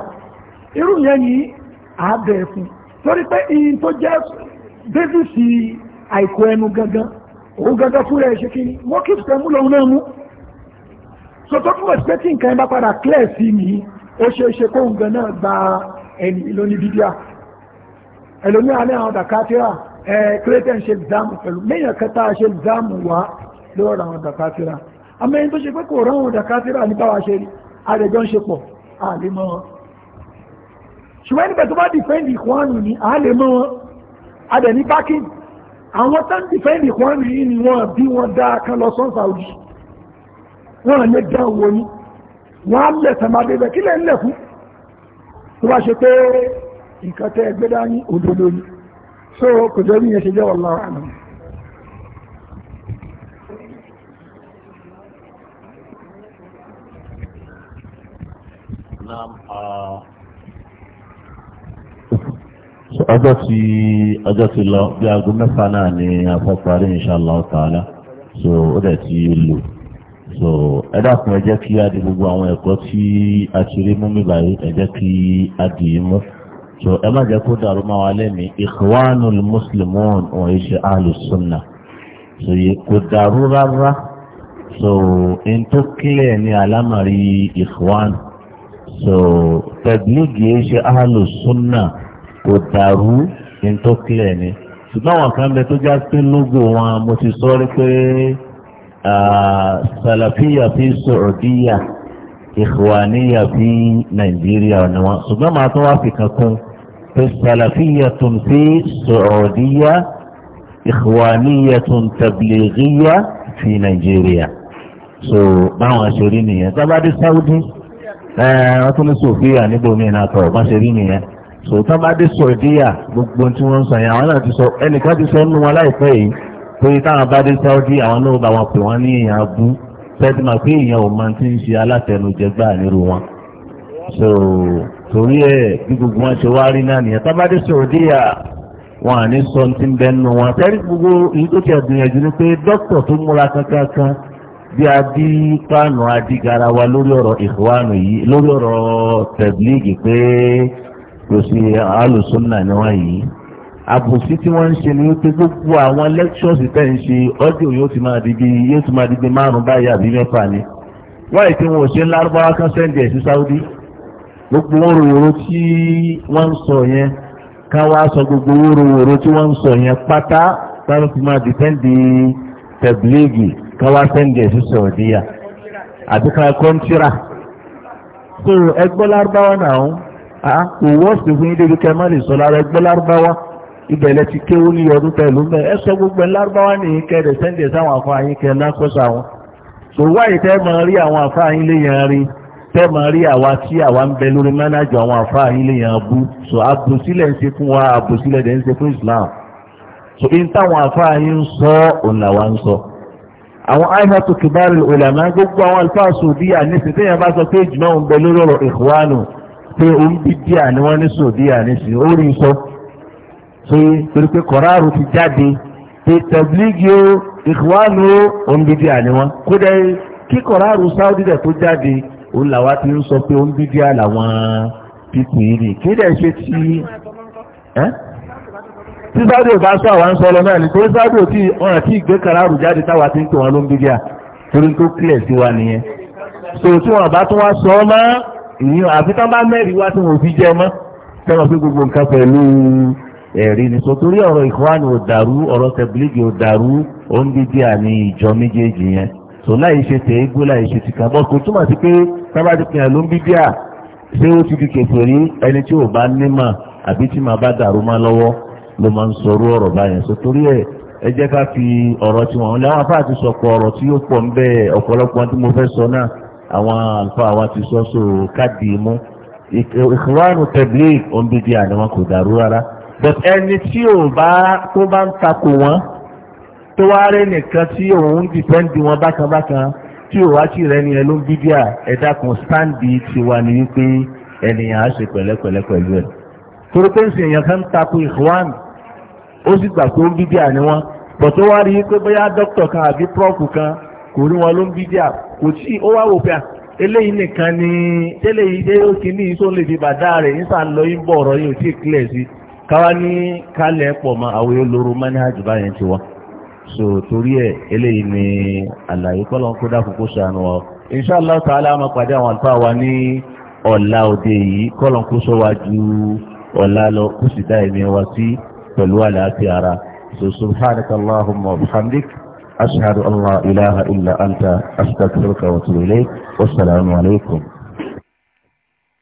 irú yẹn yìí àábẹ̀ fún torí pé iyin tó jẹ́ bẹ́sìsì àìkò ẹnu gangan òun gangan fúnra ẹ̀ kí ni wọ́n kí ìfẹ́ mú náà mú so tó túnbọ̀ sí pé tí nǹkan bá padà clear sí mi ó ṣe é ṣe kó nǹkan náà gba ẹni lóní bídíà ẹlòmíà ní àwọn dàkátìrà ẹ kírẹ́tẹ̀ ń ṣe ìzámù pẹ̀lú mẹ́yàn kẹta ṣe ìzámù wá lọ́rọ̀ àwọn dàkátìrà àmọ́ ẹni tó ṣe pé kò ráwọn dàkátìrà ní ṣe rí ń ṣe pọ̀ àlè ṣùgbọ́n níbẹ̀ tó bá dìfẹ́ǹdì ìkwánù ní àálẹ̀ mọ́ wọn adẹ̀ ní bákìn àwọn tán dìfẹ́ǹdì ìkwánù yìí ni wọ́n bí wọ́n dá kan lọ sọ́n Saudi wọ́n lè dán owó ní wọ́n á lẹ̀ tẹ̀mádé bẹ̀ kí lẹ̀ ń lẹ̀ tó bá ṣe pé nǹkan tẹ́ ẹgbẹ́ dání òdodo ni so kò jẹ́ bí yẹn ṣe jẹ́ wallahu a'lam Naam, uh, ọjọ́ tí ọjọ́ ti lọ bí aago mẹ́fà náà ni afọ́parí inshallah ta'ala so ó dẹ̀ ti lò so ẹ dákun ẹ jẹ́ kí á di gbogbo àwọn ẹ̀kọ́ tí a ti rí mú mi báyìí ẹ jẹ́ kí á dì í mú so ẹ má jẹ́ kó dàrú máa wá lẹ́mìí ikhwanul muslimun wọn yìí ṣe ahlus sunnah so yìí kò dàrú rárá so in tó kílẹ̀ ní alámàrí ikhwan so tẹ̀blígì yìí ṣe ahlus sunnah kò dàrú ní tó kílẹ̀ ni ṣùgbọ́n àwọn kan bẹ tó já sí lógo wọn mo ti sọ rí pé sàlàfíà fi sọ̀rọ̀díyà ìhùwàníyà fi nàìjíríà ni wọn ṣùgbọ́n màá tún wá fi kan kún pé sàlàfíà tún fi sọ̀rọ̀díyà ìhùwàníyà tún tàbílẹ̀gíyà fi nàìjíríà so báwọn ṣe rí nìyẹn tábàdí sáúdí ẹ wọ́n ní sòfíà níbo mi náà tọ̀ bá ṣe rí nìyẹn sòtá bá dé sọ̀díyà gbogbo tí wọ́n ń sọ yẹn àwọn náà ti sọ ẹnìkan ti sọ nínú wọn láìpẹ́ yìí pé táwọn bá dé sáúdí àwọn náà bá wọn pè wọ́n ní èèyàn abú sẹ́tì máa pé èèyàn ò máa ti ń ṣe alátẹnujẹ gbà nírú wọn. so torí ẹ bí gbogbo wọn ṣe wá rí náà nìyẹn tá bá dé sọ̀díyà wọn à ní sọ ti ń bẹ nínú wọn. sẹ́rí gbogbo èyí tó ti ẹ̀dùnyẹ̀dù ni pé dókítà tó múra kankan bí a bí pàànù kò sí alùsùnà ni wọ́n yìí àbòsí tí wọ́n ń ṣe ni wípé gbogbo àwọn lectures tẹ̀ ń ṣe ọ́díò yóò ti máa di bí yóò ti máa di bí márùn báyìí àbí mẹ́fà ni wọ́n ètò wọn ò ṣe lárúbáwá kan sẹ́ńdì ẹ̀ sí Saudi gbogbo wóróworó tí wọ́n ń sọ yẹn ká wá sọ gbogbo wóróworó tí wọ́n ń sọ yẹn pátá táwọn fi máa di sẹ́ńdì tẹ̀bílẹ́gì ká sẹ́ńdì ẹ̀ sí Saudiya àbí kọ́ńtírà so ẹgbọ́ lárúbáwá náà Ah, kò wọ́ọ̀sì fún ilé ìdíkẹ́ má lè sọ lára ẹgbẹ́ lárúbáwá ìbẹ̀lẹ̀ ti kéwó ní ọdún pẹ̀lú mẹ́ ẹ sọ gbogbo lárúbáwá ní ìkẹ́ rẹ̀ sẹ́ńdẹ̀ sáwọn afọ àyín kẹ lákọ́sọ àwọn so wáyé tẹ́ máa rí àwọn afọ àyín lè yàn rí tẹ́ máa rí àwa tí àwa ń bẹ lórí mánájọ àwọn afọ àyín lè yàn bú so àbòsílẹ̀ ń ṣe fún wa àbòsílẹ̀ dẹ̀ ń ṣe fún Islam so in táwọn afọ àyín ń sọ òun làwa ń sọ àwọn àìsàtò kìbárì ulama gbogbo àwọn alfáà sòdíyà nísìnyí tẹ́yìn bá sọ pé ìjùmọ̀ ń bẹ lórí ọ̀rọ̀ ìhùwánu pé orí bídíà ni wọ́n ní sòdíà nísìnyí ó rí sọ pé torí pé kọ̀ráàrù ti jáde pé tẹ̀blígì o ìkùwánu o orí bídíà ni wọ́n kódà kí kọ̀ráàrù sáúdì dẹ̀ tó jáde òun làwa ti ń sọ pé orí bídíà làwọn pípì yìí ni kí dẹ̀ ṣe ti ẹ́ tí sáúdì ò bá sọ àwọn sọ lọ náà ni torí sáúdì ò tí ọ̀ràn tí ìgbé kọ̀ráàrù jáde táwa ti ń pè wọn ló ń bídíà torí tó kílẹ̀ sí wa nìyẹn so tí wọn bá tún wá sọ ọ máa ìyẹn àfi tán bá mẹ́rin wá tí wọ́n fi jẹ mọ́ tẹ́wọ́n fi gbogbo nǹkan pẹ̀lú ẹ̀rí ni sọ torí ọ̀rọ̀ ìkọ́wánu ò dàrú ọ̀rọ̀ tẹ̀bílígì ò dàrú ó ń dídí àní ìjọ méjèèjì yẹn sọ láì ṣe tẹ̀égbó láì ṣe tìkà bọ́ kò túmọ̀ sí pé sábà ti pìyàn ló ń bíbí à ṣé ó ti di kẹfẹ́ rí ẹni tí ò bá nímọ̀ àbí tí màá bá dàrú má lọ́wọ́ ló máa ń sọrú ọ̀rọ̀ báyẹn sọ torí ẹ̀ ẹ jẹ́ ká fi ọ̀rọ̀ tiwọn láwọn afáàtì sọ̀kọ̀ ọ̀rọ̀ tí yóò pọ̀ ń bẹ́ẹ̀ ọ̀pọ̀lọpọ̀ tí mo fẹ́ sọ náà àwọn àlùfáà wa ti sọ so káàdì imú ìkúránù tabligh òǹbídìí àná wọn kò dàrú rárá but ẹni tí ò bá tó bá ń takò wọn tó wá rẹ nìkan tí òun dìpẹ́ǹdì wọn bákanbákan tí ò wá sí rẹ ni ẹ ló ń bídíà ẹ̀dá kan sáǹdì tiwa ni wípé ènìyàn á ṣe pẹ̀lẹ́pẹ̀lẹ́ pẹ̀lú ẹ̀ torí pé ń sè èèyàn kan ń takò ìkúránù ó sì gbà pé ó ń ni wọn bọ̀ tó wá rí i pé bóyá dókítà kan àbí prọ́fù kan kò rí wọn ló ń bí díà kò tí ó wá wò pé ah, eléyìí nìkan ni tẹ́lẹ̀ yìí dé ó kìíní tó lè di bàdá rẹ̀ nípa lọ yín bọ̀ ọ̀rọ̀ yìí ò tí ì kílẹ̀ sí káwá ní kálẹ̀ pọ̀ mọ́ àwọn olóró mánìhàjù báyẹn ti wọ́n so torí ẹ̀ eléyìí ni àlàyé kọ́lọ́ kó dákun kó ṣàánú ọ inṣàlá tààlà máa pàdé àwọn àlùfáà wa ní ọ̀la òde yìí kọ́lọ́ kó sọ wá ju ọ̀la lọ kó sì dá ẹ̀mí wa sí pẹ̀lú àlàáfíà ara so subhanakallahumma wa bihamdik. أشهد أن لا إله إلا أنت أستغفرك وأتوب إليك والسلام عليكم